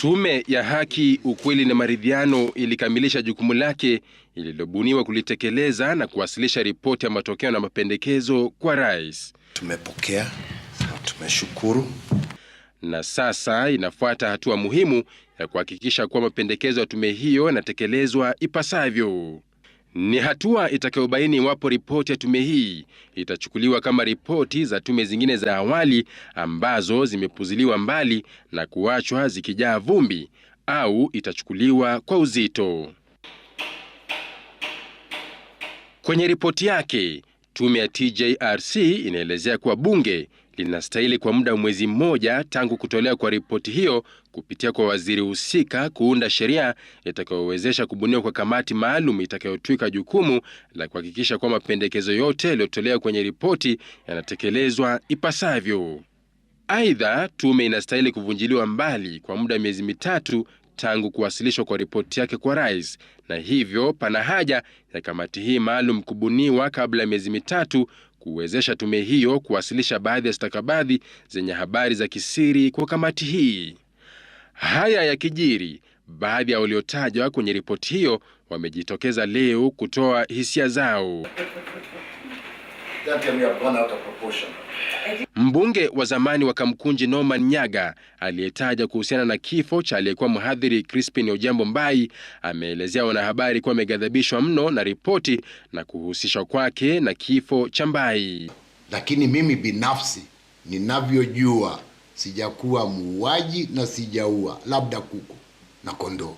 Tume ya Haki, Ukweli na Maridhiano ilikamilisha jukumu lake ililobuniwa kulitekeleza na kuwasilisha ripoti ya matokeo na mapendekezo kwa rais. Tumepokea, na tumeshukuru na sasa inafuata hatua muhimu ya kuhakikisha kuwa mapendekezo ya tume hiyo yanatekelezwa ipasavyo. Ni hatua itakayobaini iwapo ripoti ya tume hii itachukuliwa kama ripoti za tume zingine za awali ambazo zimepuziliwa mbali na kuachwa zikijaa vumbi au itachukuliwa kwa uzito. Kwenye ripoti yake, tume ya TJRC inaelezea kuwa bunge linastahili kwa muda wa mwezi mmoja tangu kutolewa kwa ripoti hiyo kupitia kwa waziri husika kuunda sheria itakayowezesha kubuniwa kwa kamati maalum itakayotwika jukumu la kuhakikisha kuwa mapendekezo yote yaliyotolewa kwenye ripoti yanatekelezwa ipasavyo. Aidha, tume inastahili kuvunjiliwa mbali kwa muda wa miezi mitatu tangu kuwasilishwa kwa ripoti yake kwa rais, na hivyo pana haja ya kamati hii maalum kubuniwa kabla ya miezi mitatu kuwezesha tume hiyo kuwasilisha baadhi ya stakabadhi zenye habari za kisiri kwa kamati hii. Haya ya kijiri baadhi ya waliotajwa kwenye ripoti hiyo wamejitokeza leo kutoa hisia zao. Mbunge wa zamani wa Kamkunji Norman Nyaga aliyetaja kuhusiana na kifo cha aliyekuwa mhadhiri Crispin Ojambo Mbai ameelezea wanahabari kuwa amegadhabishwa mno na ripoti na kuhusishwa kwake na kifo cha Mbai. Lakini mimi binafsi ninavyojua, sijakuwa muuaji na sijaua labda kuku na kondoo.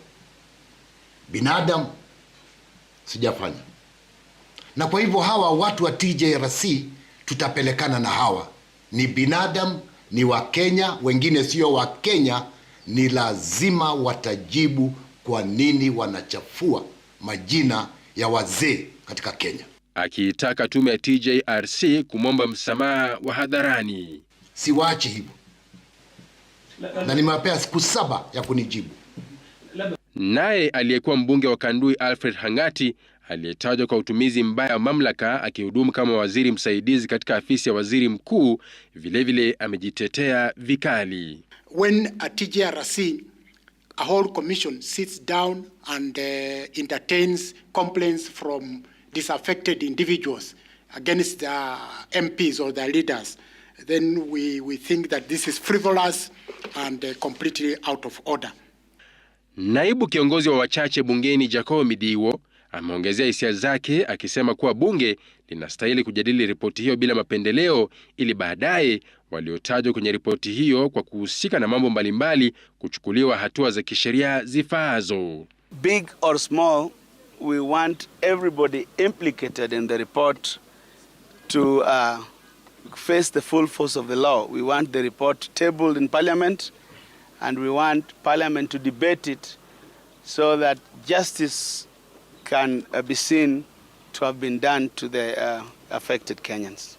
Binadamu sijafanya na kwa hivyo hawa watu wa TJRC tutapelekana na hawa, ni binadamu, ni Wakenya, wengine sio Wakenya, ni lazima watajibu kwa nini wanachafua majina ya wazee katika Kenya, akiitaka tume ya TJRC kumwomba msamaha wa hadharani. Siwaachi hivyo na nimewapea siku saba ya kunijibu. Naye aliyekuwa mbunge wa Kandui Alfred Hangati aliyetajwa kwa utumizi mbaya wa mamlaka akihudumu kama waziri msaidizi katika afisi ya waziri mkuu, vilevile amejitetea vikali. When a TJRC, a whole commission sits down and uh, entertains complaints from disaffected individuals against the MPs or their leaders then we, we think that this is frivolous and uh, completely out of order. Naibu kiongozi wa wachache bungeni Jacob Midiwo ameongezea hisia zake akisema kuwa bunge linastahili kujadili ripoti hiyo bila mapendeleo ili baadaye waliotajwa kwenye ripoti hiyo kwa kuhusika na mambo mbalimbali kuchukuliwa hatua za kisheria zifaazo. Big or small, we want everybody implicated in the report to uh, face the full force of the law. We want the report tabled in parliament and we want parliament to debate it so that justice can be seen to have been done to the uh, affected Kenyans.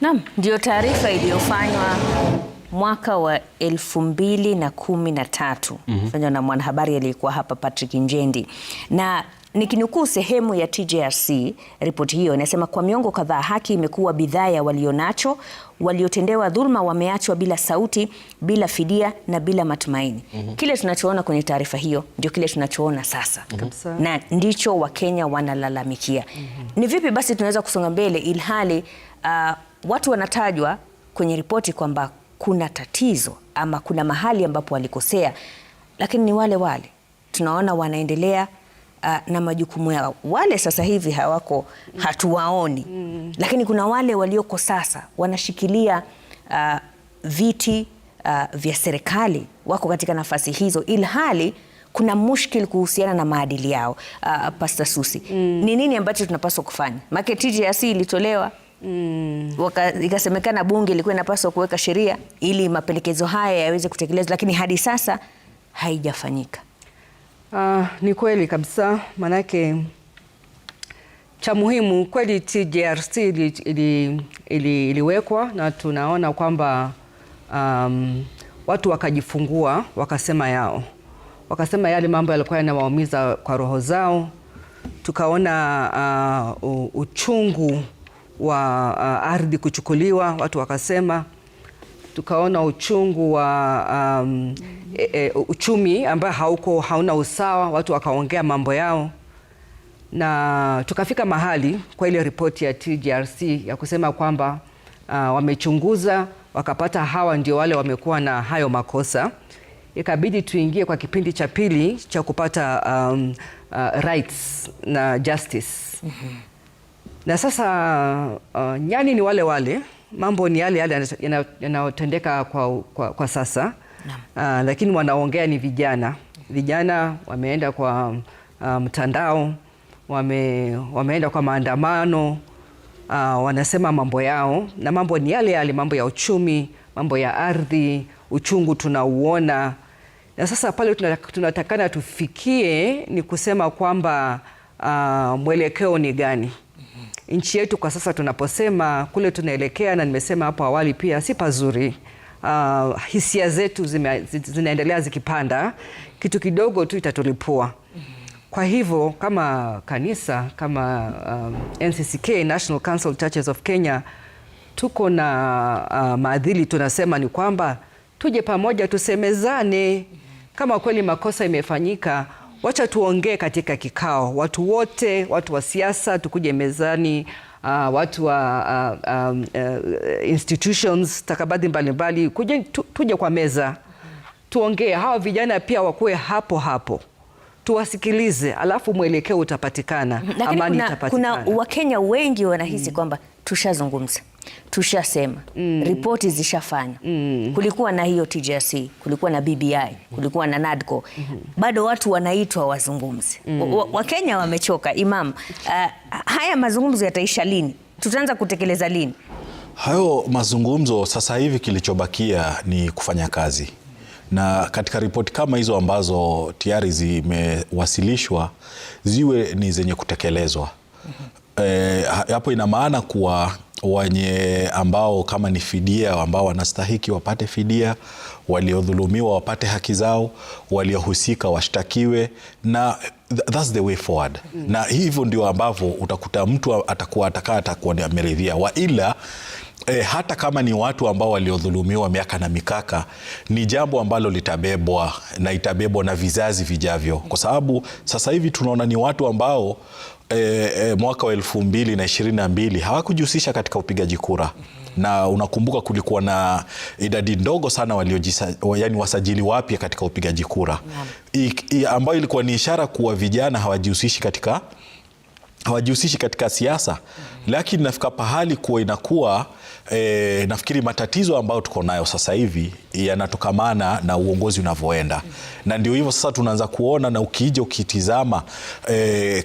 Naam, ndio taarifa iliyofanywa mwaka wa elfu mbili na kumi na tatu mm -hmm. na mwanahabari aliyekuwa hapa Patrick Njendi na Nikinukuu sehemu ya TJRC, ripoti hiyo inasema kwa miongo kadhaa haki imekuwa bidhaa ya walionacho. Waliotendewa dhulma wameachwa bila sauti, bila fidia na bila matumaini. mm -hmm. Kile tunachoona kwenye taarifa hiyo ndio kile tunachoona sasa. mm -hmm. na ndicho Wakenya wanalalamikia. mm -hmm. Ni vipi basi tunaweza kusonga mbele ilhali uh, watu wanatajwa kwenye ripoti kwamba kuna tatizo ama kuna mahali ambapo walikosea, lakini ni wale wale tunaona wanaendelea uh, na majukumu yao. Wale sasa hivi hawako, hatuwaoni mm. Lakini kuna wale walioko sasa wanashikilia uh, viti uh, vya serikali, wako katika nafasi hizo, ilhali kuna mushkil kuhusiana na maadili yao. Uh, Pasta Susi, mm. ni nini ambacho tunapaswa kufanya? Make TJRC ilitolewa Mm. Ikasemekana bunge ilikuwa inapaswa kuweka sheria ili mapendekezo haya yaweze kutekelezwa, lakini hadi sasa haijafanyika. Uh, ni kweli kabisa manake cha muhimu kweli TJRC ili, ili, ili, iliwekwa na tunaona kwamba um, watu wakajifungua wakasema yao wakasema yale mambo yalikuwa yanawaumiza kwa roho zao. Tukaona uh, uchungu wa uh, ardhi kuchukuliwa, watu wakasema tukaona uchungu wa um, e, e, uchumi ambayo hauko hauna usawa, watu wakaongea mambo yao na tukafika mahali kwa ile ripoti ya tgrc ya kusema kwamba uh, wamechunguza wakapata hawa ndio wale wamekuwa na hayo makosa. Ikabidi tuingie kwa kipindi cha pili cha kupata um, uh, rights na justice mm -hmm. Na sasa uh, nyani ni wale wale mambo ni yale yale yanayotendeka kwa, kwa, kwa sasa na. Uh, ah, lakini wanaongea ni vijana vijana wameenda kwa ah, mtandao um, wame, wameenda kwa maandamano uh, wanasema mambo yao na mambo ni yale yale, mambo ya uchumi, mambo ya ardhi, uchungu tunauona. Na sasa pale tunatakana tufikie ni kusema kwamba uh, mwelekeo ni gani? nchi yetu kwa sasa tunaposema kule tunaelekea, na nimesema hapo awali pia, si pazuri. Uh, hisia zetu zime, zinaendelea zikipanda, kitu kidogo tu itatulipua. Kwa hivyo kama kanisa kama um, NCCK National Council Churches of Kenya tuko na uh, ah, maadili tunasema ni kwamba tuje pamoja tusemezane, kama kweli makosa imefanyika wacha tuongee katika kikao, watu wote, watu wa siasa tukuje mezani, uh, watu wa uh, uh, uh, institutions takabadhi mbalimbali kuje tu, tuje kwa meza tuongee, hawa vijana pia wakuwe hapo hapo tuwasikilize, alafu mwelekeo utapatikana, amani itapatikana. Kuna Wakenya wengi wanahisi mm. kwamba tushazungumza tushasema mm. Ripoti zishafanywa mm. Kulikuwa na hiyo TJC, kulikuwa na BBI, kulikuwa na NADCO mm -hmm. Bado watu wanaitwa wazungumzi mm. Wakenya wamechoka. Imam, uh, haya mazungumzo yataisha lini? Tutaanza kutekeleza lini hayo mazungumzo? Sasa hivi kilichobakia ni kufanya kazi na katika ripoti kama hizo ambazo tayari zimewasilishwa ziwe ni zenye kutekelezwa. Mm -hmm. E, hapo ina maana kuwa wenye ambao kama ni fidia ambao wanastahiki wapate fidia, waliodhulumiwa wapate haki zao, waliohusika washtakiwe na that's the way forward mm. Na hivyo ndio ambavyo utakuta mtu atakuwa atakaa atakuwa ameridhia waila E, eh, hata kama ni watu ambao waliodhulumiwa miaka na mikaka, ni jambo ambalo litabebwa na itabebwa na vizazi vijavyo, kwa sababu sasa hivi tunaona ni watu ambao e, e, mwaka wa elfu mbili na ishirini na mbili hawakujihusisha katika upigaji kura mm -hmm na unakumbuka kulikuwa na idadi ndogo sana waliojisa, yani wasajili wapya katika upigaji kura, ambayo ilikuwa ni ishara kuwa vijana hawajihusishi katika hawajihusishi katika siasa mm. Lakini nafika pahali kuwa inakuwa e, nafikiri matatizo ambayo tuko nayo sasa hivi yanatokamana na uongozi unavyoenda mm. Na ndio hivyo sasa tunaanza kuona na ukija ukitizama e,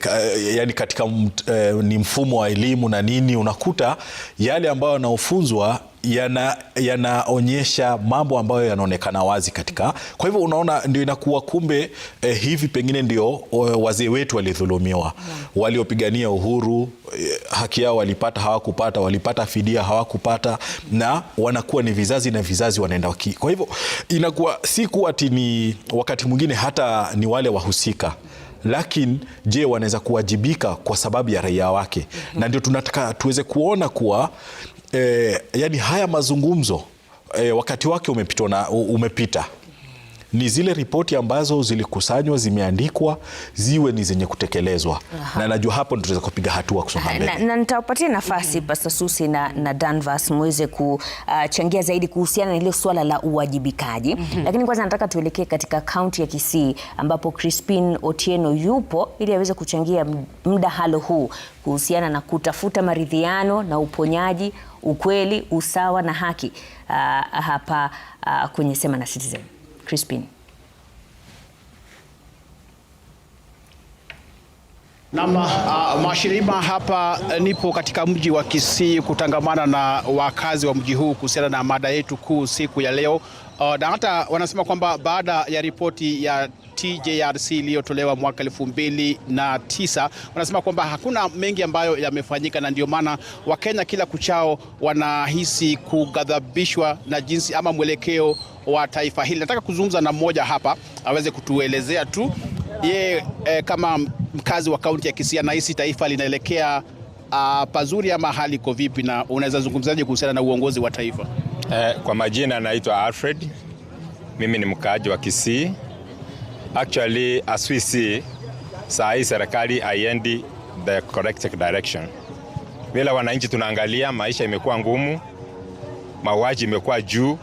yani katika e, ni mfumo wa elimu na nini, unakuta yale ambayo yanaofunzwa yanaonyesha yana mambo ambayo yanaonekana wazi katika. Kwa hivyo unaona, ndio inakuwa kumbe, eh, hivi pengine ndio wazee wetu walidhulumiwa, waliopigania uhuru eh, haki yao walipata, hawakupata, walipata fidia, hawakupata, na wanakuwa ni vizazi na vizazi wanaenda waki. Kwa hivyo inakuwa si kuwa ati ni wakati mwingine hata ni wale wahusika lakini je, wanaweza kuwajibika kwa sababu ya raia wake? mm -hmm. Na ndio tunataka tuweze kuona kuwa eh, yani haya mazungumzo eh, wakati wake umepitwa na umepita ni zile ripoti ambazo zilikusanywa zimeandikwa ziwe ni zenye kutekelezwa. Aha. Na najua hapo ndio tunaweza kupiga hatua kusonga mbele. Na, na nitawapatia nafasi mm -hmm. Pastor Susi na, na Danvas muweze kuchangia uh, zaidi kuhusiana na ile swala la uwajibikaji mm -hmm. Lakini kwanza nataka tuelekee katika kaunti ya Kisii ambapo Crispin Otieno yupo ili aweze kuchangia mdahalo huu kuhusiana na kutafuta maridhiano na uponyaji ukweli, usawa na haki uh, hapa uh, kwenye Sema na Citizen. Crispin. Nam uh, mashirima hapa nipo katika mji wa Kisii kutangamana na wakazi wa mji huu kuhusiana na mada yetu kuu siku ya leo. Uh, na hata wanasema kwamba baada ya ripoti ya TJRC iliyotolewa mwaka elfu mbili na tisa wanasema kwamba hakuna mengi ambayo yamefanyika, na ndio maana Wakenya kila kuchao wanahisi kughadhabishwa na jinsi ama mwelekeo wa taifa hili. Nataka kuzungumza na mmoja hapa aweze kutuelezea tu ye eh, kama mkazi wa kaunti ya Kisii anahisi taifa linaelekea ah, pazuri ama hali iko vipi, na unaweza zungumzaje kuhusiana na uongozi wa taifa? Eh, kwa majina anaitwa Alfred, mimi ni mkaaji wa Kisii. Actually, as we see, saa hii serikali haiendi the correct direction. Vile wananchi tunaangalia, maisha imekuwa ngumu, mauaji imekuwa juu,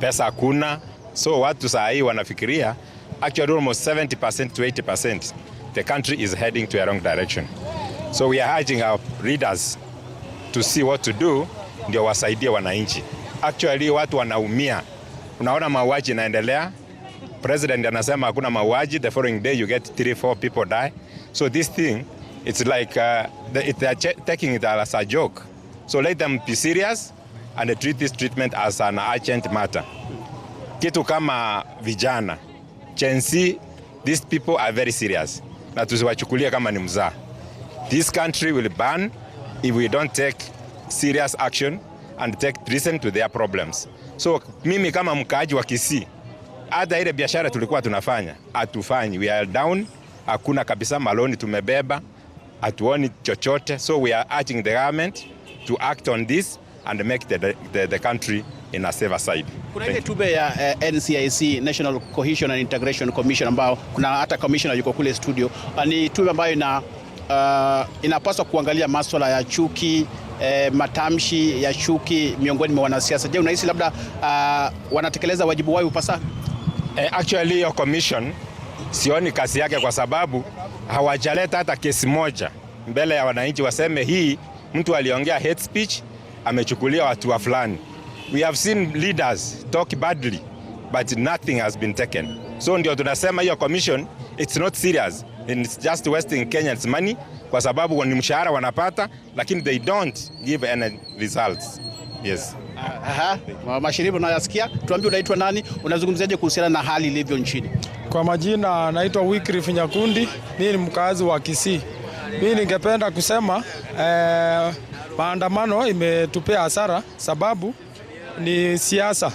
pesa hakuna, so watu saa hii wanafikiria actually almost 70% to 80% the country is heading to a wrong direction. So we are urging our leaders to see what to do ndio wasaidie wananchi. Actually watu wanaumia, unaona mauaji inaendelea president anasema hakuna mauaji, the following day you get three four people die. So this thing it's like uh, they, they are taking it as a joke. So let them be serious and treat this treatment as an urgent matter. Kitu kama vijana Gen Z, these people are very serious, na tusiwachukulia kama ni mzaa. This country will burn if we don't take serious action and take reason to their problems. So mimi kama mkaaji wa Kisii hata ile biashara tulikuwa tunafanya hatufanyi, we are down, hakuna kabisa maloni tumebeba, hatuoni chochote, so we are urging the government to act on this and make the, the, the country in a safer side. Kuna ile tube ya uh, eh, NCIC National Cohesion and Integration Commission ambao kuna hata commissioner yuko kule studio. Ah, ni tube ambayo ina uh, inapaswa kuangalia masuala ya chuki eh, matamshi ya chuki miongoni mwa wanasiasa. Je, unahisi labda uh, wanatekeleza wajibu wao upasavyo? eh, actually hiyo commission sioni kazi yake kwa sababu hawajaleta hata kesi moja mbele ya wananchi waseme hii mtu aliongea hate speech, amechukulia watu wa fulani. We have seen leaders talk badly but nothing has been taken. So ndio tunasema hiyo commission it's not serious and it's just wasting Kenyans money kwa sababu ni mshahara wanapata, lakini they don't give any results. Yes. Aha, Mashiribu unayasikia, tuambie unaitwa nani, unazungumziaje kuhusiana na hali ilivyo nchini? Kwa majina naitwa Wycliffe Nyakundi, mimi ni mkazi wa Kisii. Mimi ningependa kusema eh, maandamano imetupea hasara, sababu ni siasa.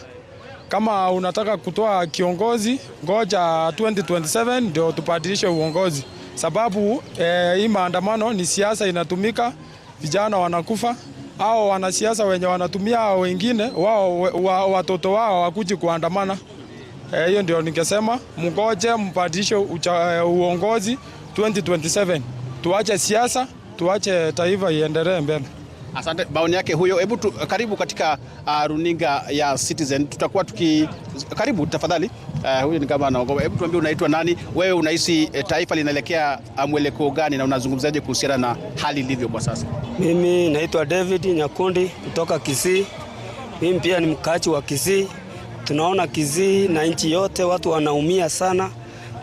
Kama unataka kutoa kiongozi, ngoja 2027 ndio tupadilishe uongozi, sababu eh, hii maandamano ni siasa inatumika, vijana wanakufa hao wanasiasa wenye wanatumia hao wengine wao wa, watoto wao wakuji kuandamana. Eh, hiyo e, ndio ningesema mngoje mbadilishe eh, uongozi 2027 tuache siasa, tuache taifa iendelee mbele. Asante, maoni yake huyo. Hebu tu, karibu katika uh, runinga ya Citizen. Tutakuwa tuki karibu tafadhali. Uh, huyo ni kama anaogopa. Hebu tuambie unaitwa nani wewe, unahisi eh, taifa linaelekea uh, mwelekeo gani na unazungumzaje kuhusiana na hali ilivyo kwa sasa? Mimi naitwa David Nyakundi kutoka Kisii. Mimi pia ni mkaaji wa Kisii. Tunaona Kisii na nchi yote watu wanaumia sana,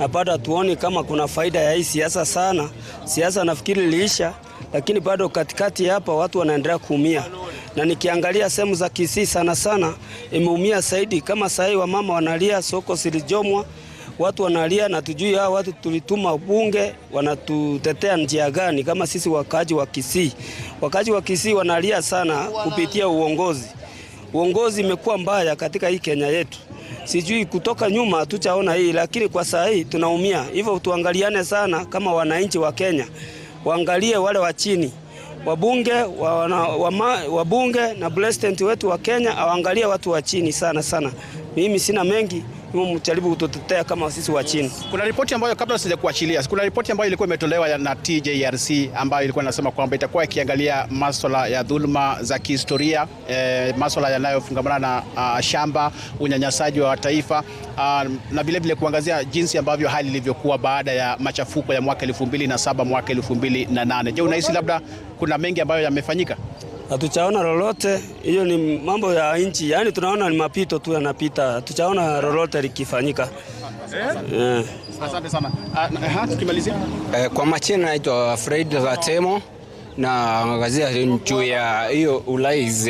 na bado hatuoni kama kuna faida ya hii siasa sana. Siasa nafikiri liisha lakini bado katikati hapa watu wanaendelea kuumia, na nikiangalia sehemu za Kisii sana sana imeumia zaidi. Kama sahii wamama wanalia, soko silijomwa, watu wanalia, na tujui hao watu tulituma bunge wanatutetea njia gani? Kama sisi wakaaji wa Kisii, wakaaji wa Kisii wanalia sana kupitia uongozi. Uongozi imekuwa mbaya katika hii Kenya yetu. Sijui kutoka nyuma hatuchaona hii, lakini kwa saa hii tunaumia. Hivyo tuangaliane sana kama wananchi wa Kenya waangalie wale wa chini wabunge wa, wa, wabunge na president wetu wa Kenya awaangalie watu wa chini sana sana. Mimi sina mengi mjaribu kututetea kama sisi wa chini. Kuna ripoti ambayo kabla sija kuachilia, kuna ripoti ambayo ilikuwa imetolewa na TJRC ambayo ilikuwa inasema kwamba itakuwa ikiangalia masuala ya dhuluma za kihistoria e, eh, masuala yanayofungamana na a, ah, shamba, unyanyasaji wa taifa a, ah, na vilevile kuangazia jinsi ambavyo hali ilivyokuwa baada ya machafuko ya mwaka 2007 mwaka 2008. Je, unahisi labda kuna mengi ambayo yamefanyika? hatuchaona lolote. Hiyo ni mambo ya nchi, yaani tunaona ni mapito tu yanapita, hatuchaona lolote likifanyika. Yeah. Asante sana. Ah, ah, tukimalizia eh, kwa machina, naitwa Fred Zatemo na angazia juu ya hiyo ulaiz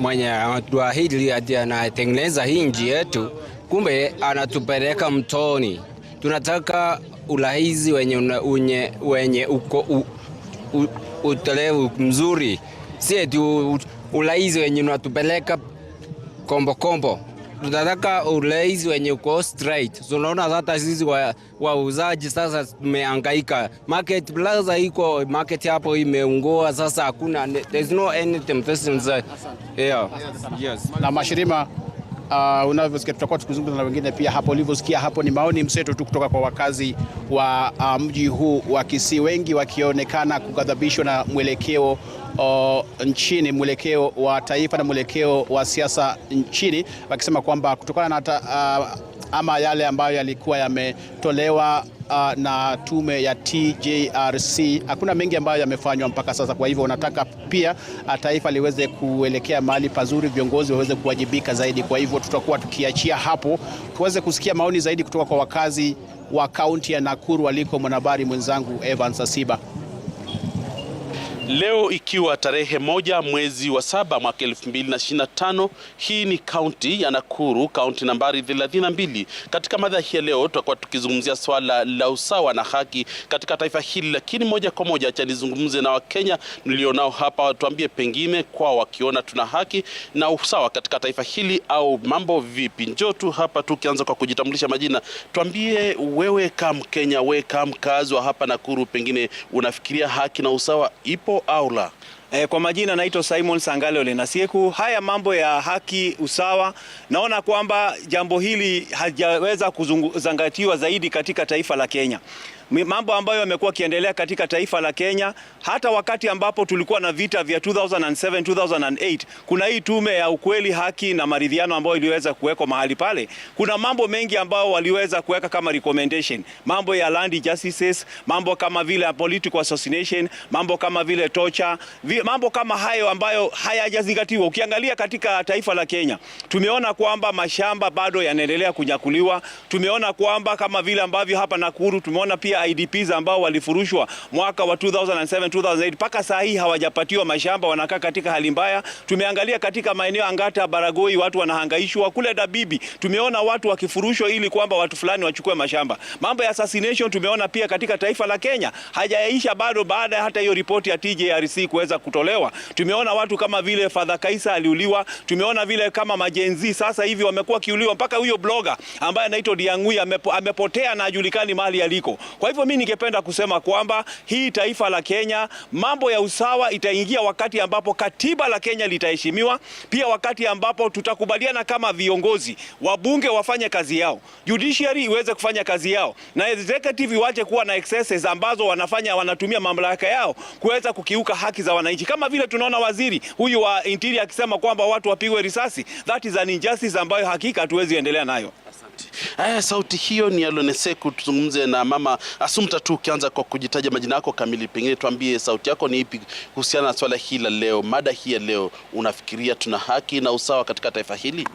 mwenye twahili ati anatengeneza hii nchi yetu, kumbe anatupeleka mtoni. Tunataka ulaizi wenye, wenye uko utelevu mzuri si tu ulaizi wenye unatupeleka kombo kombo. Tunataka ulaizi wenye uko straight. Tunaona hata sisi wauzaji wa sasa tumehangaika. Market plaza iko market hapo imeungua sasa, hakuna there's no any temptation there. Yeah. Yes. Na mashirima Uh, unavyosikia tutakuwa tukizungumza na wengine pia hapo. Ulivyosikia hapo ni maoni mseto tu kutoka kwa wakazi wa uh, mji huu wa Kisii, wengi wakionekana kughadhabishwa na mwelekeo o, nchini, mwelekeo wa taifa na mwelekeo wa siasa nchini, wakisema kwamba kutokana na ta, ama yale ambayo yalikuwa yametolewa Uh, na tume ya TJRC hakuna mengi ambayo yamefanywa mpaka sasa. Kwa hivyo wanataka pia taifa liweze kuelekea mahali pazuri, viongozi waweze kuwajibika zaidi. Kwa hivyo tutakuwa tukiachia hapo, tuweze kusikia maoni zaidi kutoka kwa wakazi wa kaunti ya Nakuru, waliko mwanahabari mwenzangu Evans Asiba. Leo ikiwa tarehe moja mwezi wa saba mwaka tano hii ni kaunti ya Nakuru, kaunti nambari mbili. Katika mada hii ya leo tutakuwa tukizungumzia swala la usawa na haki katika taifa hili, lakini moja kwa moja acha nizungumze na Wakenya nilionao hapa, tuambie pengine kwa wakiona tuna haki na usawa katika taifa hili au mambo vipi? Njoo tu hapa tu, ukianza kwa kujitambulisha majina, tuambie wewe kama Mkenya, wewe kama mkazi wa hapa Nakuru, pengine unafikiria haki na usawa ipo lipo au la. E, kwa majina naitwa Simon Sangale Ole Nasieku. Haya mambo ya haki, usawa, naona kwamba jambo hili hajaweza kuzingatiwa zaidi katika taifa la Kenya mambo ambayo yamekuwa kiendelea katika taifa la Kenya. Hata wakati ambapo tulikuwa na vita vya 2007 2008, kuna hii tume ya ukweli, haki na maridhiano ambayo iliweza kuwekwa mahali pale. Kuna mambo mengi ambayo waliweza kuweka kama recommendation, mambo ya land justices, mambo kama vile political assassination, mambo kama vile torture, mambo kama hayo ambayo hayajazingatiwa. Ukiangalia katika taifa la Kenya, tumeona kwamba mashamba bado yanaendelea kunyakuliwa. Tumeona kwamba kama vile ambavyo hapa Nakuru tumeona pia ya IDPs ambao walifurushwa mwaka wa 2007 2008 mpaka saa hii hawajapatiwa mashamba, wanakaa katika hali mbaya. Tumeangalia katika maeneo Angata, Baragoi, watu wanahangaishwa. Kule Dabibi tumeona watu wakifurushwa ili kwamba watu fulani wachukue mashamba. Mambo ya assassination tumeona pia katika taifa la Kenya hajaisha bado, baada ya hata hiyo ripoti ya TJRC kuweza kutolewa. Tumeona watu kama vile Father Kaisa aliuliwa, tumeona vile kama majenzi sasa hivi wamekuwa kiuliwa, mpaka huyo blogger ambaye anaitwa Diangui amepotea na ajulikani mahali aliko. Kwa hivyo mimi ningependa kusema kwamba hii taifa la Kenya, mambo ya usawa itaingia wakati ambapo katiba la Kenya litaheshimiwa, pia wakati ambapo tutakubaliana kama viongozi, wabunge wafanye kazi yao, judiciary iweze kufanya kazi yao, na executive iwache kuwa na excesses ambazo wanafanya wanatumia mamlaka yao kuweza kukiuka haki za wananchi, kama vile tunaona waziri huyu wa interior akisema kwamba watu wapigwe risasi. That is an injustice ambayo hakika hatuwezi endelea nayo sauti. Aya, eh, sauti hiyo ni aloneseku Tuzungumze na mama asumta tu, ukianza kwa kujitaja majina yako kamili, pengine tuambie sauti yako ni ipi kuhusiana na swala hili la leo, mada hii ya leo. Unafikiria tuna haki na usawa katika taifa hili?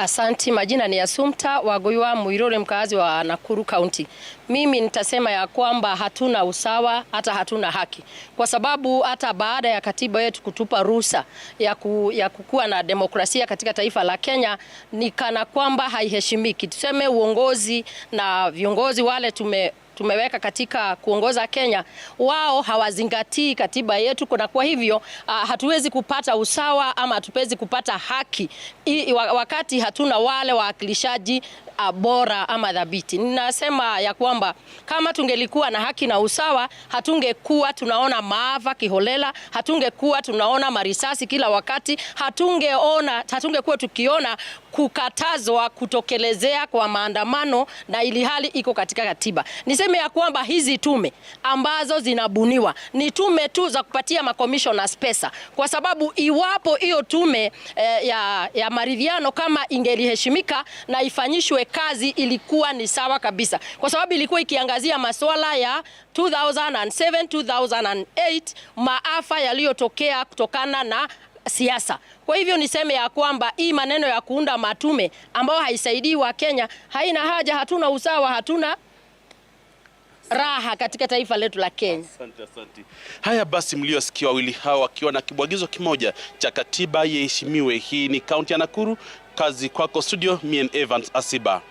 Asanti, majina ni Asumta Wagoiwa Muirole, mkaazi wa Nakuru County. Mimi nitasema ya kwamba hatuna usawa hata hatuna haki, kwa sababu hata baada ya katiba yetu kutupa ruhusa ya, ku, ya kukuwa na demokrasia katika taifa la Kenya ni kana kwamba haiheshimiki. Tuseme uongozi na viongozi wale tume tumeweka katika kuongoza Kenya, wao hawazingatii katiba yetu, na kwa hivyo uh, hatuwezi kupata usawa ama hatuwezi kupata haki I, wakati hatuna wale wawakilishaji uh, bora ama dhabiti. Ninasema ya kwamba kama tungelikuwa na haki na usawa, hatungekuwa tunaona maafa kiholela, hatungekuwa tunaona marisasi kila wakati, hatungeona hatungekuwa tukiona kukatazwa kutokelezea kwa maandamano na ili hali iko katika katiba. Niseme ya kwamba hizi tume ambazo zinabuniwa ni tume tu za kupatia makomishonas pesa, kwa sababu iwapo hiyo tume eh, ya, ya maridhiano kama ingeliheshimika na ifanyishwe kazi ilikuwa ni sawa kabisa, kwa sababu ilikuwa ikiangazia masuala ya 2007 2008 maafa yaliyotokea kutokana na siasa. Kwa hivyo niseme ya kwamba hii maneno ya kuunda matume ambayo haisaidii wa kenya haina haja, hatuna usawa, hatuna raha katika taifa letu la Kenya. Asante, asante. Haya basi, mliosikia wawili hao wakiwa na kibwagizo kimoja cha katiba iheshimiwe. Hii ni kaunti ya Nakuru. Kazi kwako studio, mien Evans Asiba.